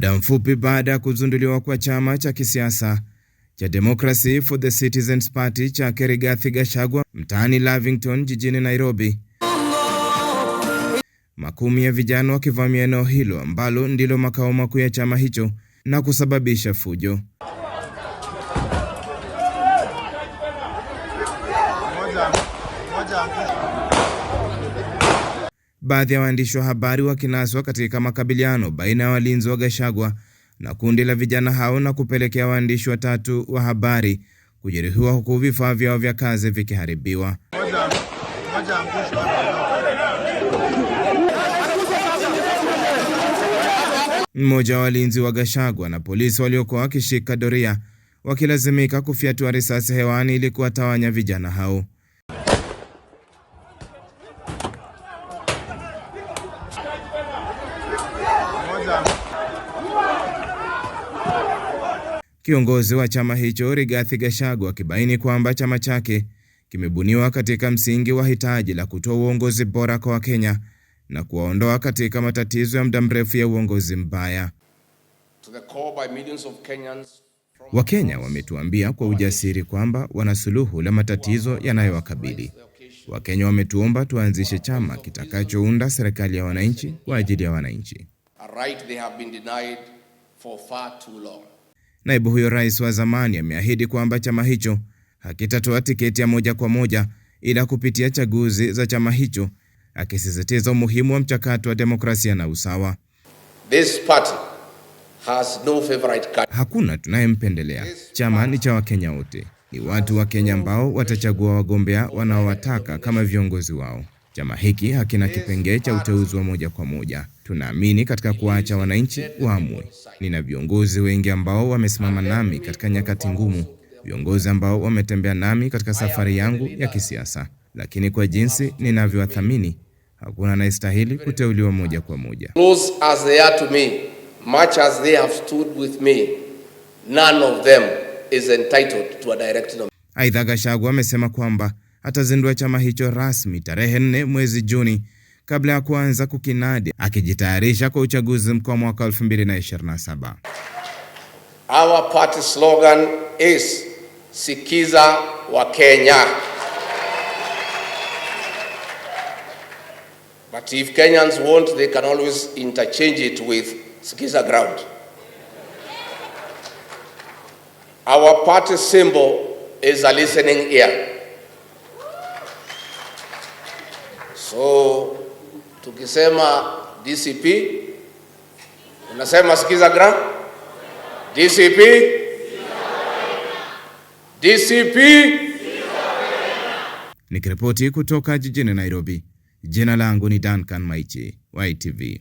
muda mfupi baada ya kuzinduliwa kwa chama cha kisiasa cha Democracy for the Citizens Party cha Kerigathi Gachagua mtaani Lavington jijini Nairobi. Makumi ya vijana wakivamia eneo hilo ambalo ndilo makao makuu ya chama hicho na kusababisha fujo. Moja, moja baadhi ya waandishi wa habari wakinaswa katika makabiliano baina ya walinzi wa Gachagua na kundi la vijana hao na kupelekea waandishi watatu wa habari kujeruhiwa huku vifaa vyao vya kazi vikiharibiwa. Mmoja wa walinzi wa Gachagua na polisi waliokuwa wakishika doria wakilazimika kufyatua risasi hewani ili kuwatawanya vijana hao. Kiongozi wa chama hicho Rigathi Gachagua akibaini kwamba chama chake kimebuniwa katika msingi wa hitaji la kutoa uongozi bora kwa Wakenya na kuwaondoa katika matatizo ya muda mrefu ya uongozi mbaya. Wakenya wametuambia kwa ujasiri kwamba wana suluhu la matatizo yanayowakabili. Wakenya wametuomba tuanzishe chama kitakachounda serikali ya wananchi kwa ajili ya wananchi. Naibu huyo rais wa zamani ameahidi kwamba chama hicho hakitatoa tiketi ya moja kwa moja ila kupitia chaguzi za chama hicho, akisisitiza umuhimu wa mchakato wa demokrasia na usawa. This party has no favorite... hakuna tunayempendelea, chama ni cha Wakenya wote. Ni watu wa Kenya ambao watachagua wagombea wanaowataka kama viongozi wao. Chama hiki hakina kipengee cha uteuzi wa moja kwa moja. Tunaamini katika kuwaacha wananchi waamue. Nina viongozi wengi ambao wamesimama nami katika nyakati ngumu, viongozi ambao wametembea nami katika safari yangu ya kisiasa, lakini kwa jinsi ninavyowathamini, hakuna anayestahili kuteuliwa moja kwa moja. Close as they are to me, much as they have stood with me, none of them is entitled to a direct nomination. Aidha, Gachagua amesema kwamba atazindua chama hicho rasmi tarehe nne mwezi Juni kabla ya kuanza kukinadi akijitayarisha kwa uchaguzi mkuu wa mwaka 2027. Our party slogan is sikiza wa Kenya. But if Kenyans want, they can always interchange it with sikiza ground. Our party symbol is a listening ear. So tukisema DCP unasema sikiza gram DCP DCP. Nikiripoti kutoka jijini Nairobi, jina langu ni Duncan Maichi, YTV.